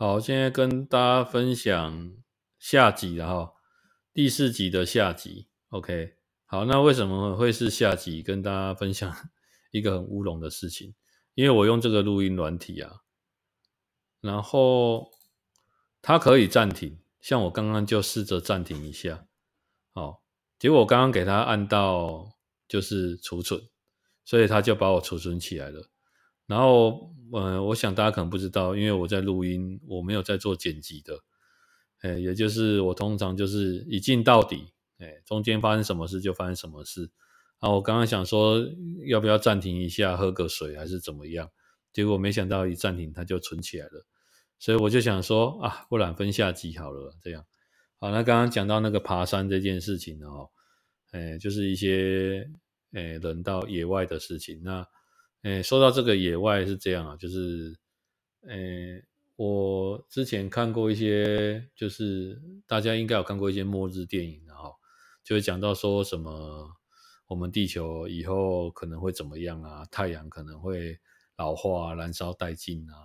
好，現在跟大家分享下集了哦，第四集的下集。OK，好，那為什麼會是下集？跟大家分享一個很烏龍的事情，因為我用這個錄音軟體啊，然後它可以暫停，像我剛剛就試着暫停一下，好，結果我剛剛給它按到就是儲存，所以它就把我儲存起來了。然後、呃，我想大家可能不知道，因為我在錄音，我沒有在做剪輯的，也就是我通常就是一鏡到底，中間發生什麼事就發生什麼事。啊、我剛剛想說要不要暫停一下，喝個水還是怎麼樣，結果沒想到一暫停它就存起來了，所以我就想說啊，不然分下集好了，這樣。好，那剛剛講到那個爬山這件事情哦，就是一些人到野外的事情，那，誒，說到這個野外是這樣啊，就是，誒，我之前看過一些，就是大家應該有看過一些末日電影的哈，就會講到說什麼我們地球以後可能會怎麼樣啊，太陽可能會老化、燃燒殆盡啊，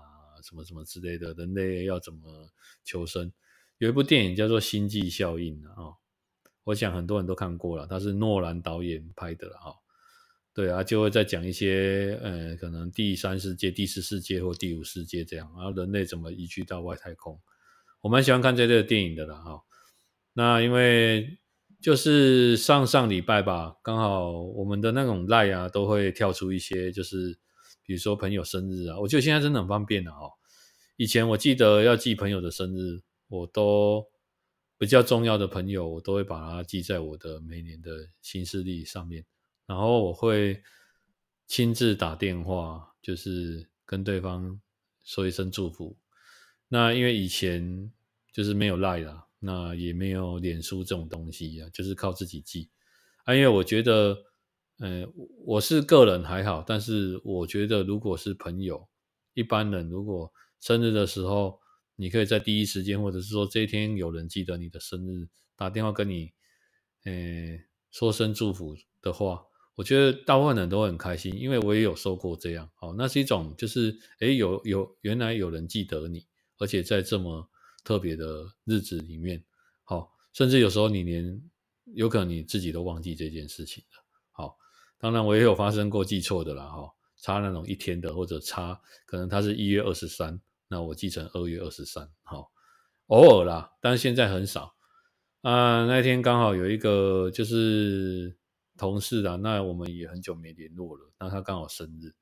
什麼什麼之類的，人類要怎麼求生。有一部電影叫做《星際效應》啊，我想很多人都看過了，它是諾蘭導演拍的了哈。對啊，就會再講一些，呃，可能第三世界、第四世界或第五世界這樣，然後、啊、人類怎麼移居到外太空？我蠻喜歡看這類的電影的啦、哦。哈，那因為就是上上禮拜吧，剛好我們的那種賴啊，都會跳出一些，就是比如說朋友生日啊，我覺得現在真的很方便啦。哈，以前我記得要記朋友的生日，我都比較重要的朋友，我都會把它記在我的每年的行事曆上面。然後我會親自打電話，就是跟對方說一聲祝福。那因為以前就是沒有 Line 啊，那也沒有臉書這種東西啊，就是靠自己記。啊，因為我覺得，呃，我是個人還好，但是我覺得如果是朋友，一般人如果生日的時候，你可以在第一時間，或者是說這一天有人記得你的生日，打電話跟你，呃，說聲祝福的話。我覺得大部分人都很開心，因為我也有說過這樣。哦、那是一種就是，哎，有有原來有人記得你，而且在這麼特別的日子裡面，哦、甚至有時候你連有可能你自己都忘記這件事情了。好、哦，當然我也有發生過記錯的啦、哦，差那種一天的或者差，可能他是一月二十三，那我記成二月二十三，偶爾啦，但現在很少。呃、那天剛好有一個就是。同事啊，那我們也很久沒聯絡了。那他剛好生日，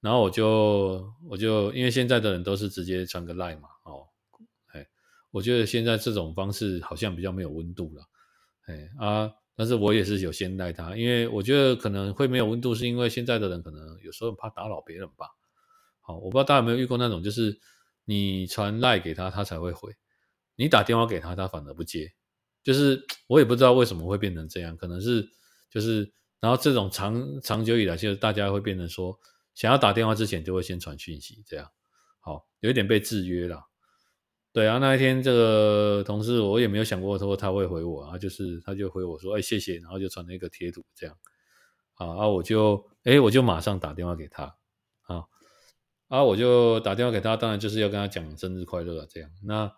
然後我就我就因為現在的人都是直接傳個賴嘛，哦，哎，我覺得現在這種方式好像比較沒有溫度了，哎啊，但是我也是有先賴他，因為我覺得可能會沒有溫度，是因為現在的人可能有時候很怕打擾別人吧。好、哦，我不知道大家有沒有遇過那種，就是你傳賴給他，他才會回；你打電話給他，他反而不接。就是我也不知道為什麼會變成這樣，可能是。就是，然後這種長長久以來，就是大家會變成說，想要打電話之前就會先傳訊息，這樣，好，有一點被制約了。對啊，那一天這個同事，我也沒有想過說他會回我，啊，就是他就回我說，哎、欸，謝謝，然後就傳了一個貼圖這樣，好啊，然後我就，哎、欸，我就馬上打電話給他，啊，啊，我就打電話給他，當然就是要跟他講生日快樂了、啊、這樣。那，誒、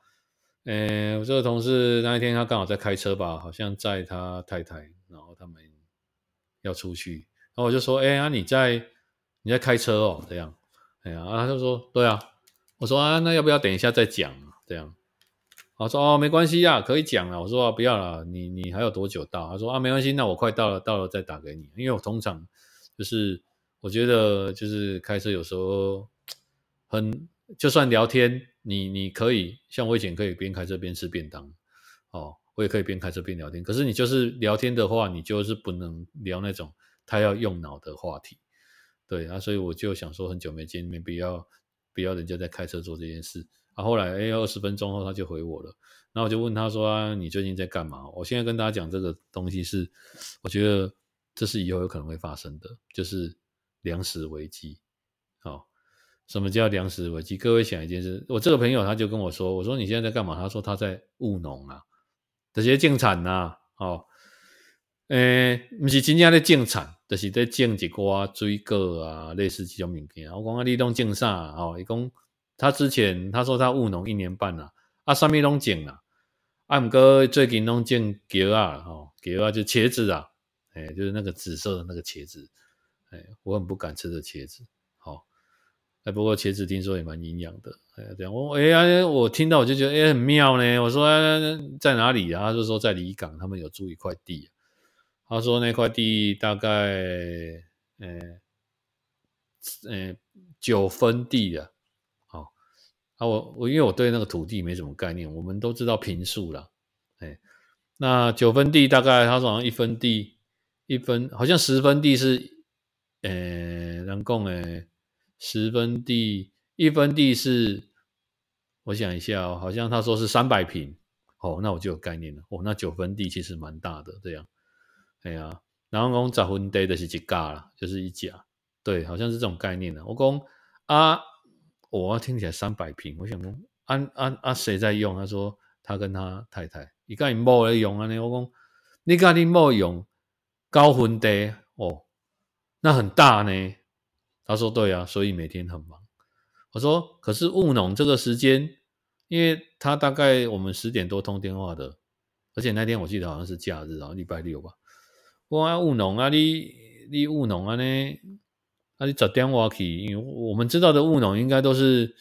欸、我這個同事那一天他剛好在開車吧，好像載他太太，然後他們。要出去，然後我就說，哎，欸，啊，你在你在開車哦，這樣，哎呀，啊，他就說，對啊，我說啊，那要不要等一下再講，這樣，他說哦，沒關係呀，啊，可以講了。我說，啊，不要了，你你還有多久到？他說啊，沒關係，那我快到了，到了再打給你，因為我通常就是我覺得就是開車有時候很，就算聊天，你你可以像我以前可以邊開車邊吃便當，哦。我也可以邊開車邊聊天，可是你就是聊天的話，你就是不能聊那種太要用腦的話題，對啊，所以我就想說，很久沒見面，不要不要人家在開車做這件事。啊，後來哎，二十分鐘後他就回我了，那我就問他說：“啊、你最近在幹嘛？”我現在跟大家講這個東西是，我覺得這是以後有可能會發生的，就是糧食危機。好、哦，什麼叫糧食危機？各位想一件事，我這個朋友他就跟我說：“我說你現在在幹嘛？”他說他在務農啊。就是種田吶、啊，吼、哦，誒、欸，毋是真正咧種田，就是咧種一寡水果啊，類似即種物件。我講啊，你攏種啥？吼伊講他之前他說他務農一年半啦、啊，啊，啥物攏種啦、啊，啊，毋過最近攏種茄啊吼，茄、哦、啦就茄子啊，誒、欸，就是那個紫色的那個茄子，哎、欸，我很不敢吃的茄子。不過茄子聽說也蠻營養的我、欸欸。我聽到我就覺得、欸、很妙呢、欸。我說、欸、在哪裡、啊、他就說在離港，他們有租一塊地。他說那塊地大概，呃、欸，呃、欸，九分地、哦、啊。好，啊我因為我對那個土地沒什麼概念，我們都知道坪數啦。那九分地大概，他說好像一分地一分，好像十分地是，呃、欸，兩公十分地，一分地是，我想一下哦，好像他說是三百平，哦，那我就有概念了。哦，那九分地其實蠻大的，這樣。哎呀、啊，然後我講十分地的是一甲啦，就是一甲。對，好像是這種概念了。我講啊、哦，我聽起來三百平，我想講，啊，啊，啊，誰在用？他說他跟他太太，你講你沒用啊呢我說？你我講你講你沒用，高分地哦，那很大呢。他說：“對啊，所以每天很忙。”我說：“可是務農這個時間，因為他大概我們十點多通電話的，而且那天我記得好像是假日啊，禮拜六吧。”哇，我務農啊，你你務農這啊呢？那你十點我去，因為我們知道的務農應該都是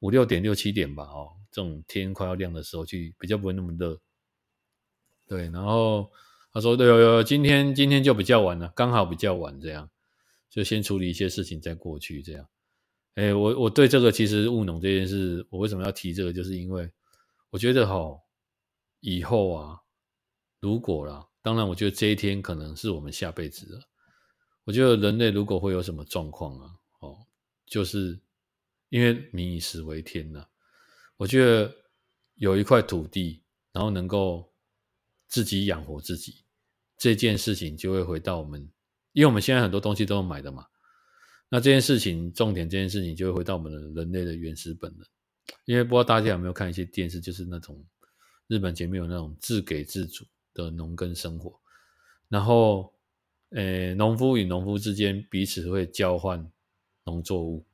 五六點六七點吧？哦，這種天快要亮的時候去，比較不會那麼熱。對，然後他說：“對，今天今天就比較晚了，剛好比較晚這樣。”就先處理一些事情，再過去這樣。哎、欸，我我對這個其實務農這件事，我為什麼要提這個？就是因為我覺得吼，以後啊，如果啦，當然，我覺得這一天可能是我們下輩子了。我覺得人類如果會有什麼狀況啊，哦，就是因為民以食為天吶、啊。我覺得有一塊土地，然後能夠自己養活自己，這件事情就會回到我們。因為我們現在很多東西都是買的嘛，那這件事情重點，這件事情就會回到我們的人類的原始本能。因為不知道大家有沒有看一些電視，就是那種日本前面有那種自給自足的農耕生活，然後，呃、欸，農夫與農夫之間彼此會交換農作物，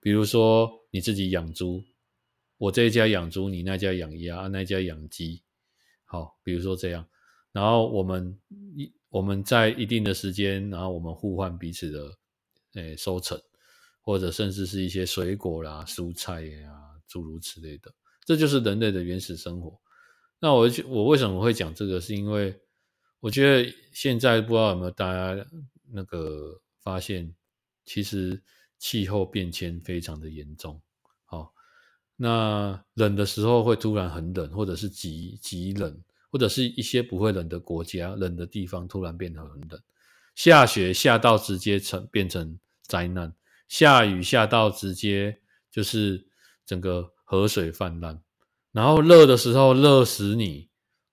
比如說你自己養豬，我這一家養豬，你那一家養鴨，那一家養雞，好，比如說這樣。然後我們一我們在一定的時間，然後我們互換彼此的，誒、哎，收成，或者甚至是一些水果啦、蔬菜呀、諸如此類的，這就是人類的原始生活。那我我為什麼會講這個？是因為我覺得現在不知道有沒有大家那個發現，其實氣候變遷非常的嚴重。好、哦，那冷的時候會突然很冷，或者是極極冷。或者是一些不會冷的國家，冷的地方突然變得很冷，下雪下到直接成變成災難，下雨下到直接就是整個河水泛濫，然後熱的時候熱死你，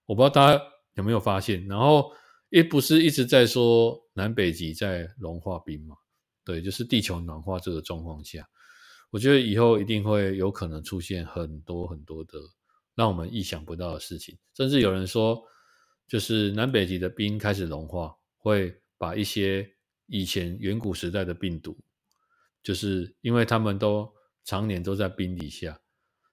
我不知道大家有沒有發現，然後也不是一直在說南北極在融化冰嘛？對，就是地球暖化這個狀況下，我覺得以後一定會有可能出現很多很多的。讓我們意想不到的事情，甚至有人說，就是南北極的冰開始融化，會把一些以前遠古時代的病毒，就是因為他們都常年都在冰底下，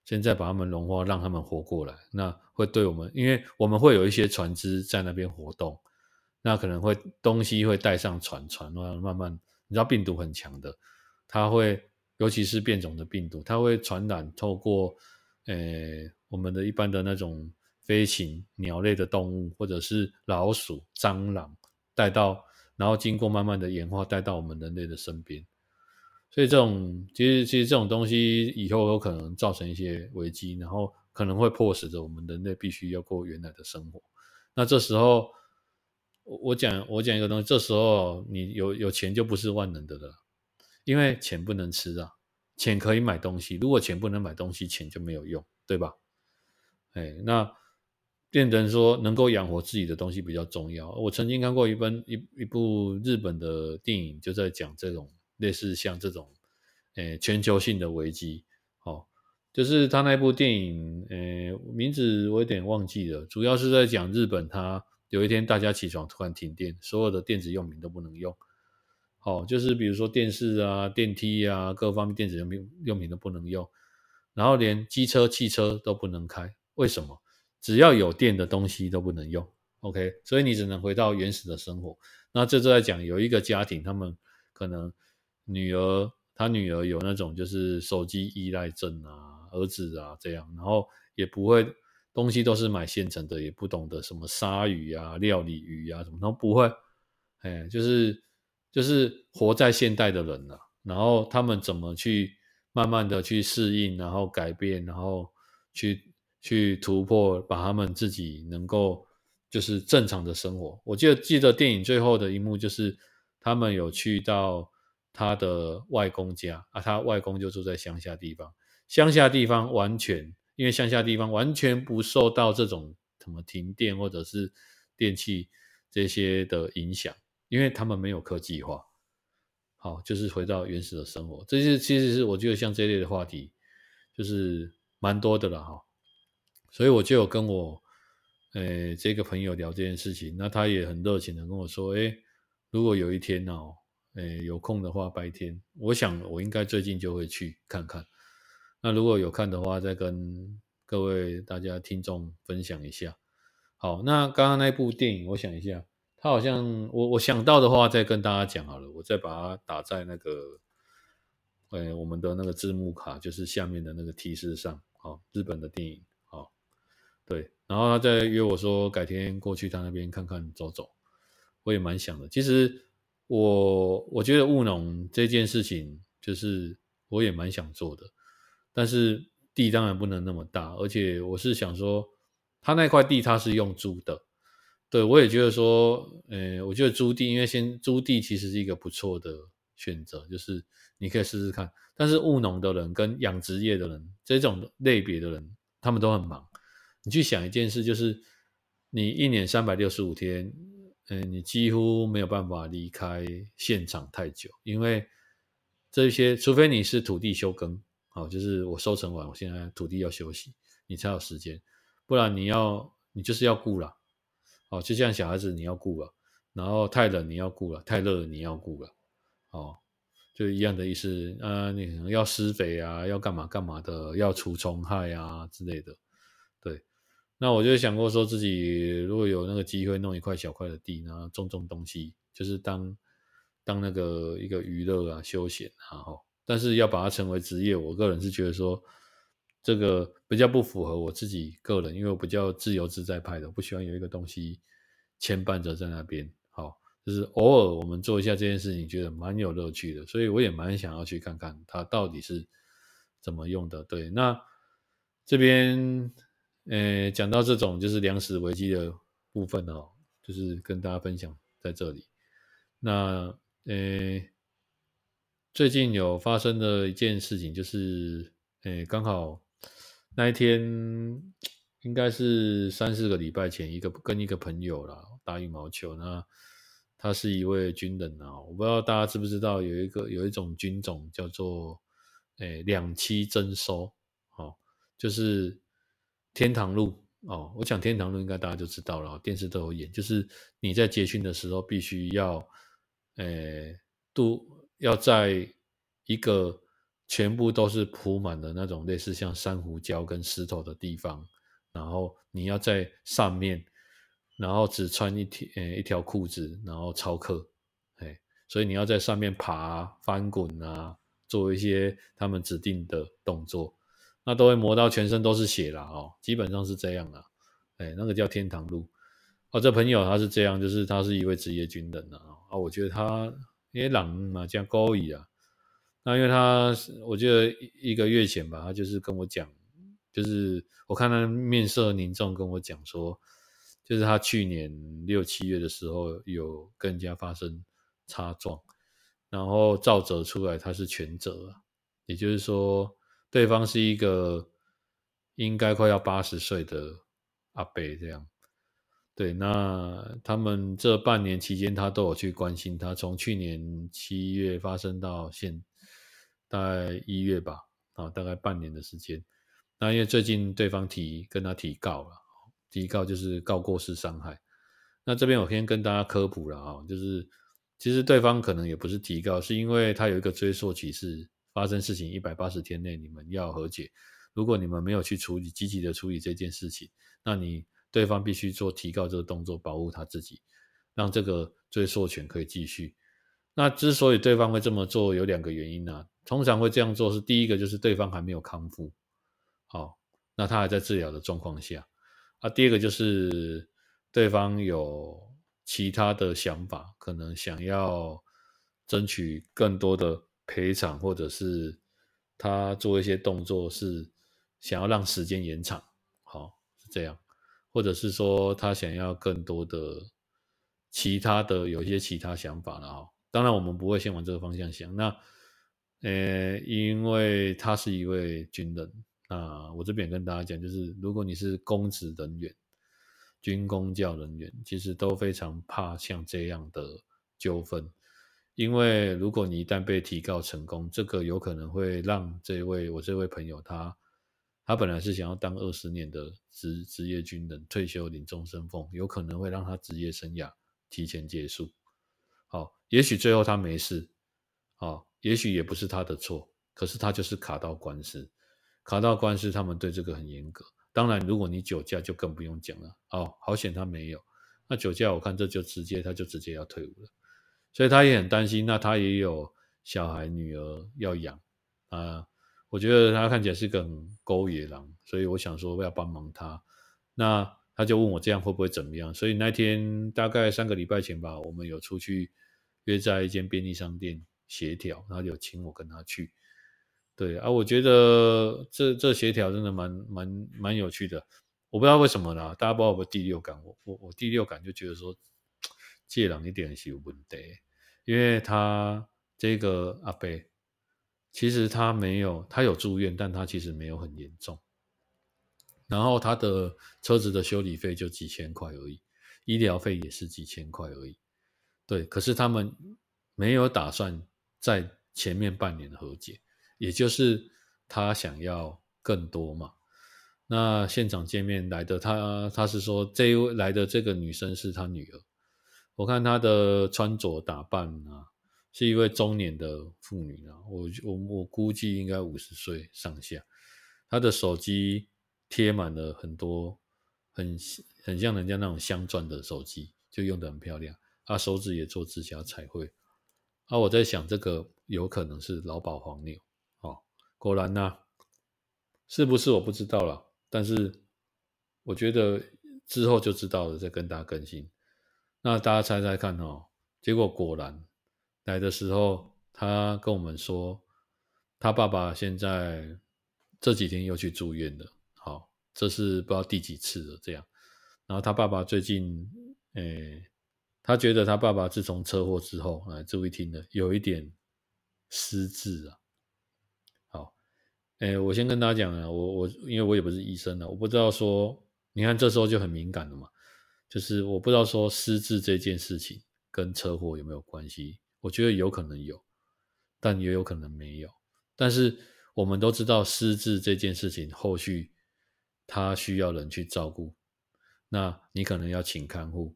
現在把它們融化，讓他們活過來，那會對我們，因為我們會有一些船隻在那邊活動，那可能會東西會帶上船，船然後慢慢，你知道病毒很強的，它會，尤其是變種的病毒，它會傳染，透過，呃我們的一般的那種飛禽鳥類的動物，或者是老鼠、蟑螂，帶到，然後經過慢慢的演化，帶到我們人類的身邊。所以這種其實其實這種東西以後有可能造成一些危機，然後可能會迫使着我們人類必須要過原來的生活。那這時候，我講我講一個東西，這時候你有有錢就不是萬能的了，因為錢不能吃啊，錢可以買東西。如果錢不能買東西，錢就沒有用，對吧？哎，那變成說能夠養活自己的東西比較重要。我曾經看過一本一一部日本的電影，就在講這種類似像這種，哎，全球性的危機。哦，就是他那部電影，呃，哎，名字我有點忘記了。主要是在講日本，他有一天大家起床突然停電，所有的電子用品都不能用。哦，就是比如說電視啊、電梯啊，各方面電子用品用品都不能用，然後連機車、汽車都不能開。為什麼？只要有電的東西都不能用，OK？所以你只能回到原始的生活。那這就在講有一個家庭，他們可能女兒，他女兒有那種就是手機依賴症啊，兒子啊這樣，然後也不會東西都是買現成的，也不懂得什麼鯊魚啊、料理魚啊，什麼都不會。哎，就是就是活在現代的人了啊。然後他們怎麼去慢慢的去適應，然後改變，然後去。去突破，把他們自己能夠就是正常的生活。我就記得電影最後的一幕，就是他們有去到他的外公家啊，他外公就住在鄉下地方。鄉下地方完全，因為鄉下地方完全不受到這種什麼停電或者是電器這些的影響，因為他們沒有科技化。好，就是回到原始的生活。這些其實是我覺得像這類的話題，就是蠻多的了哈。好所以我就有跟我，誒、欸，這個朋友聊這件事情，那他也很熱情的跟我說：“誒、欸，如果有一天哦、啊，誒、欸，有空的話，白天，我想我應該最近就會去看看。那如果有看的話，再跟各位大家聽眾分享一下。好，那剛剛那部電影，我想一下，他好像我我想到的話，再跟大家講好了，我再把它打在那個，誒、欸，我們的那個字幕卡，就是下面的那個提示上。好，日本的電影。對，然後他再約我說，改天過去他那邊看看走走，我也蠻想的。其實我我覺得務農這件事情，就是我也蠻想做的，但是地當然不能那麼大，而且我是想說，他那塊地他是用租的，對，我也覺得說，呃，我覺得租地，因為先租地其實是一個不錯的選擇，就是你可以試試看。但是務農的人跟養殖業的人，這種類別的人，他們都很忙。你去想一件事，就是你一年三百六十五天，嗯，你幾乎沒有辦法離開現場太久，因為這些，除非你是土地休耕，哦，就是我收成完，我現在土地要休息，你才有時間，不然你要你就是要顧了，哦，就像小孩子你要顧了，然後太冷你要顧了，太熱你要顧了，哦，就一樣的意思，呃、啊，你要施肥啊，要幹嘛幹嘛的，要除蟲害啊之類的，對。那我就想過說，自己如果有那個機會，弄一塊小塊的地，然後種種東西，就是當當那個一個娛樂啊、休閒啊，哈。但是要把它成為職業，我個人是覺得說，這個比較不符合我自己個人，因為我比較自由自在派的，我不喜歡有一個東西牽絆着在那邊。好，就是偶爾我們做一下這件事情，覺得蠻有樂趣的，所以我也蠻想要去看看它到底是怎麼用的。對，那這邊。呃，講、欸、到這種就是糧食危機的部分哦，就是跟大家分享在這裡。那呃、欸，最近有發生的一件事情就是，呃、欸，剛好那一天應該是三四個禮拜前，一個跟一個朋友啦打羽毛球。那他是一位軍人啊，我不知道大家知不知道，有一個有一種軍種叫做呃兩棲偵搜，哦，就是。天堂路哦，我講天堂路應該大家就知道了，電視都有演。就是你在結訓的時候，必須要，呃、欸，都要在一個全部都是鋪滿的那種類似像珊瑚礁跟石頭的地方，然後你要在上面，然後只穿一條嗯、欸、一條褲子，然後操課，哎、欸，所以你要在上面爬、翻滾啊，做一些他們指定的動作。那都會磨到全身都是血了哦，基本上是這樣啦、啊哎。那個叫天堂路哦，這朋友他是這樣，就是他是一位職業軍人啊，哦、我覺得他因為冷嘛，叫高椅啊。那因為他我覺得一個月前吧，他就是跟我講，就是我看他面色凝重，跟我講說，就是他去年六七月的時候有跟人家發生擦撞，然後肇責出來他是全責啊，也就是說。對方是一個應該快要八十歲的阿伯，這樣，對，那他們這半年期間，他都有去關心他，從去年七月發生到現在，大概一月吧，大概半年的時間。那因為最近對方提跟他提告了，提告就是告過失傷害。那這邊我先跟大家科普了啊，就是其實對方可能也不是提告，是因為他有一個追訴期是。發生事情一百八十天內，你們要和解。如果你們沒有去處理積極的處理這件事情，那你對方必須做提告這個動作，保護他自己，讓這個追索權可以繼續。那之所以對方會這麼做，有兩個原因呢、啊。通常會這樣做是第一個就是對方還沒有康復，好，那他還在治療的狀況下。啊，第二個就是對方有其他的想法，可能想要爭取更多的。賠償，或者是他做一些動作，是想要讓時間延長，好、哦、是這樣，或者是說他想要更多的其他的，有一些其他想法了，當然，我們不會先往這個方向想。那，呃，因為他是一位軍人，那我這邊也跟大家講，就是如果你是公職人員、軍公教人員，其實都非常怕像這樣的糾紛。因為如果你一旦被提告成功，這個有可能會讓這位我這位朋友他他本來是想要當二十年的職職業軍人退休領終身俸，有可能會讓他職業生涯提前結束。好、哦，也許最後他沒事，啊、哦，也許也不是他的錯，可是他就是卡到官司，卡到官司，他們對這個很嚴格。當然，如果你酒駕就更不用講了。哦，好險他沒有，那酒駕我看這就直接他就直接要退伍了。所以他也很擔心，那他也有小孩女兒要養啊。我覺得他看起來是個很勾野狼，所以我想說我要幫忙他。那他就問我這樣會不會怎麼樣？所以那天大概三個禮拜前吧，我們有出去約在一間便利商店協調，他就請我跟他去。對啊，我覺得這這協調真的蠻蠻蠻有趣的。我不知道為什麼啦，大家不知道有沒有第六感？我我我第六感就覺得說。借人一定是有問題，因為他這個阿伯其實他沒有，他有住院，但他其實沒有很嚴重。然後他的車子的修理費就幾千塊而已，醫療費也是幾千塊而已。對，可是他們沒有打算在前面半年和解，也就是他想要更多嘛。那現場見面來的他，他是說這一位來的這個女生是他女兒。我看她的穿着打扮啊，是一位中年的婦女啊，我我我估計應該五十歲上下。她的手機貼滿了很多很很像人家那種鑲鑽的手機，就用得很漂亮。啊，手指也做指甲彩繪。啊，我在想這個有可能是勞保黃牛啊、哦，果然呢、啊，是不是我不知道了，但是我覺得之後就知道了，再跟大家更新。那大家猜猜看哦，結果果然來的時候，他跟我們說，他爸爸現在這幾天又去住院了。好，這是不知道第幾次了這樣。然後他爸爸最近，哎、欸，他覺得他爸爸自從車禍之後，哎，注意聽了，有一點失智啊。好，哎、欸，我先跟大家講啊，我我因為我也不是醫生啊，我不知道說，你看這時候就很敏感了嘛。就是我不知道說失智這件事情跟車禍有沒有關係，我覺得有可能有，但也有可能沒有。但是我們都知道失智這件事情後續他需要人去照顧，那你可能要請看護。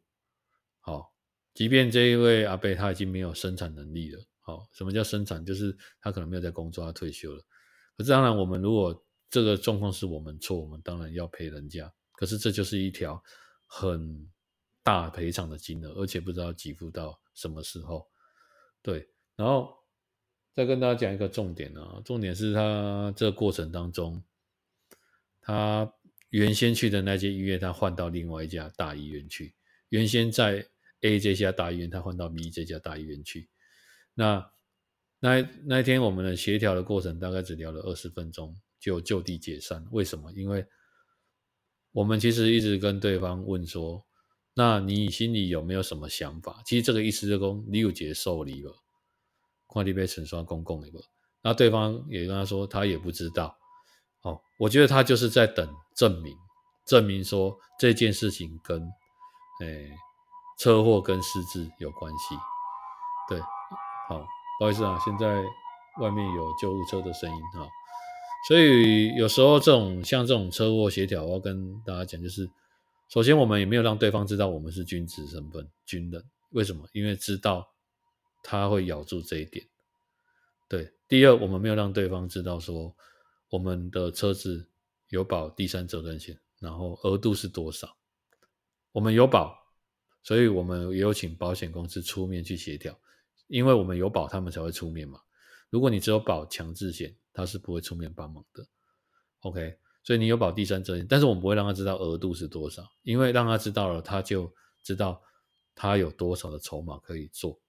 好，即便這一位阿伯他已經沒有生產能力了，好，什麼叫生產？就是他可能沒有在工作，他退休了。可是當然，我們如果這個狀況是我們錯，我們當然要賠人家。可是這就是一條。很大賠償的金額，而且不知道給付到什麼時候。對，然後再跟大家講一個重點啊，重點是他這過程當中，他原先去的那間醫院，他換到另外一家大醫院去。原先在 A 這家大醫院，他換到 B 這家大醫院去。那那那一天我們的協調的過程，大概只聊了二十分鐘，就就地解散。為什麼？因為我們其實一直跟對方問說：“那你心裡有沒有什麼想法？”其實這個意思就跟你有接受禮物快遞被存雙公共的那對方也跟他說，他也不知道。哦，我覺得他就是在等證明，證明說這件事情跟誒、哎、車禍跟失智有關係。對，好，不好意思啊，現在外面有救護車的聲音哈。所以有時候這種像這種車禍協調，我要跟大家講，就是首先我們也沒有讓對方知道我們是軍職身份，軍人，為什麼？因為知道他會咬住這一點。對，第二，我們沒有讓對方知道說我們的車子有保第三者責任險，然後額度是多少，我們有保，所以我們也有請保險公司出面去協調，因為我們有保，他們才會出面嘛。如果你只有保強制險，他是不會出面幫忙的，OK，所以你有保第三者，但是我們不會讓他知道額度是多少，因為讓他知道了，他就知道他有多少的籌碼可以做。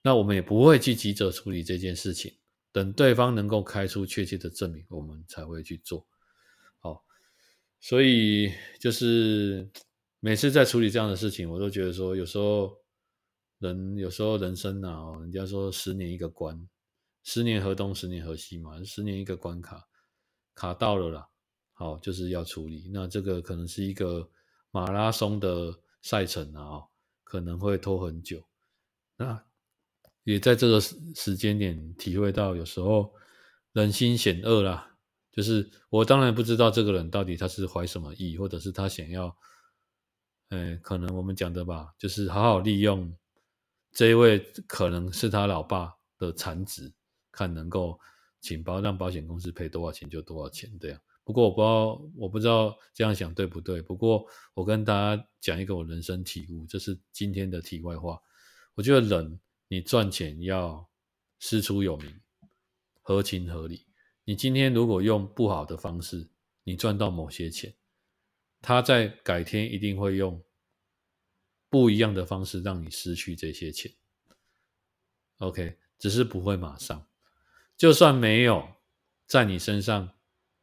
那我們也不會去急着處理這件事情，等對方能夠開出確切的證明，我們才會去做。好，所以就是每次在處理這樣的事情，我都覺得說，有時候人有時候人生啊，人家說十年一個關。十年河東，十年河西嘛，十年一個關卡，卡到了啦，好，就是要處理。那這個可能是一個馬拉松的賽程啊、哦，可能會拖很久。那也在這個時間點體會到，有時候人心險惡啦。就是我當然不知道這個人到底他是懷什麼意，或者是他想要，欸，可能我們講的吧，就是好好利用這一位可能是他老爸的殘子。看能夠請保讓保險公司賠多少錢就多少錢這樣、啊。不過我不知道，我不知道這樣想對不對。不過我跟大家講一個我人生體悟，這、就是今天的題外話。我覺得人你賺錢要師出有名，合情合理。你今天如果用不好的方式，你賺到某些錢，他在改天一定會用不一樣的方式讓你失去這些錢。OK，只是不會馬上。就算沒有在你身上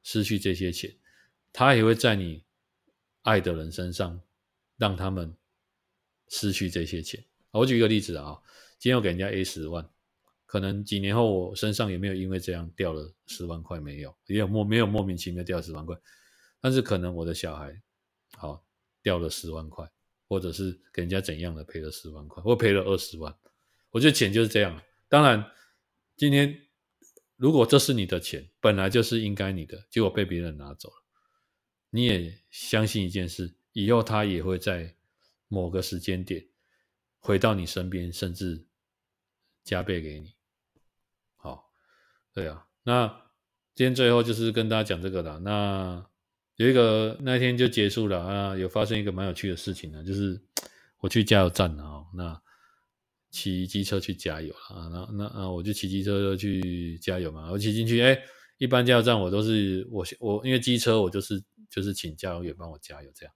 失去這些錢，他也會在你愛的人身上讓他們失去這些錢。好，我舉一個例子啊，今天我給人家 A 十萬，可能幾年後我身上也沒有因為這樣掉了十萬塊，沒有，也有莫沒有莫名其妙掉十萬塊，但是可能我的小孩好掉了十萬塊，或者是給人家怎樣的賠了十萬塊，或賠了二十萬。我覺得錢就是這樣。當然，今天。如果這是你的錢，本來就是應該你的，結果被別人拿走了，你也相信一件事，以後他也會在某個時間點回到你身邊，甚至加倍給你。好，對啊，那今天最後就是跟大家講這個了。那有一個那天就結束了啊，有發生一個蠻有趣的事情呢，就是我去加油站啊，哦，那。騎機車去加油了啊！那那，那我就騎機車去加油嘛。我騎進去，哎、欸，一般加油站我都是我我因為機車我就是就是請加油員幫我加油這樣。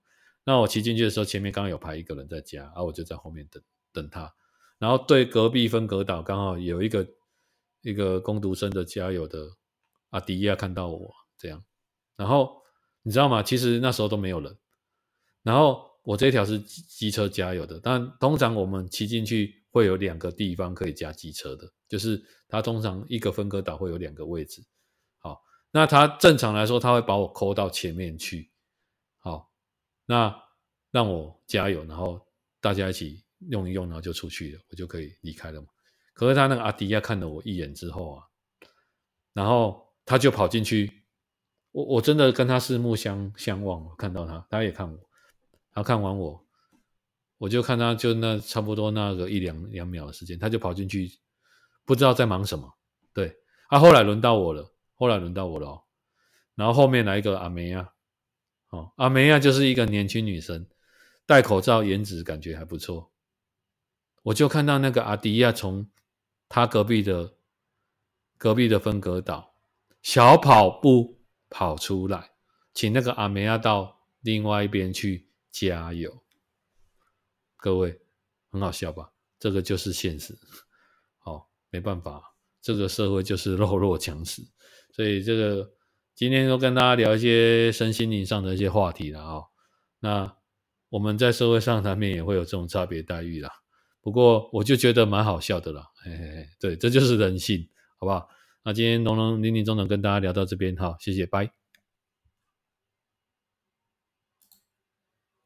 那我騎進去的時候，前面剛剛有排一個人在加，啊，我就在後面等等他。然後，對隔壁分隔島剛好有一個一個工讀生的加油的阿迪亞看到我這樣。然後你知道嗎？其實那時候都沒有人。然後我這條是機車加油的，但通常我們騎進去。會有兩個地方可以加機車的。就是他通常一個分割島會有兩個位置，好，那他正常來說，他會把我扣到前面去，好，那讓我加油，然後大家一起用一用，然後就出去了，我就可以離開了嘛。可是他那個阿迪亞看了我一眼之後啊，然後他就跑進去，我我真的跟他四目相相望，看到他，他也看我，他看完我，我就看他，就那差不多那個一兩兩秒的時間，他就跑進去，不知道在忙什麼。對，啊後來輪到我了，後來輪到我了哦。然後後面來一個阿梅亞，哦，阿梅亞就是一個年輕女生，戴口罩，顏值感覺還不錯。我就看到那個阿迪亞從他隔壁的隔壁的分隔島小跑步跑出來，請那個阿梅亞到另外一邊去加油。各位，很好笑吧？這個就是現實，好，哦，沒辦法，這個社會就是弱肉強食，所以這個今天都跟大家聊一些身心靈上的一些話題了啊，哦。那我們在社會上難免也會有這種差別待遇啦，不過我就覺得蠻好笑的啦，嘿嘿，嘿，對，這就是人性，好不好？那今天隆隆，林林，總總跟大家聊到這邊，哈，哦，謝謝，拜。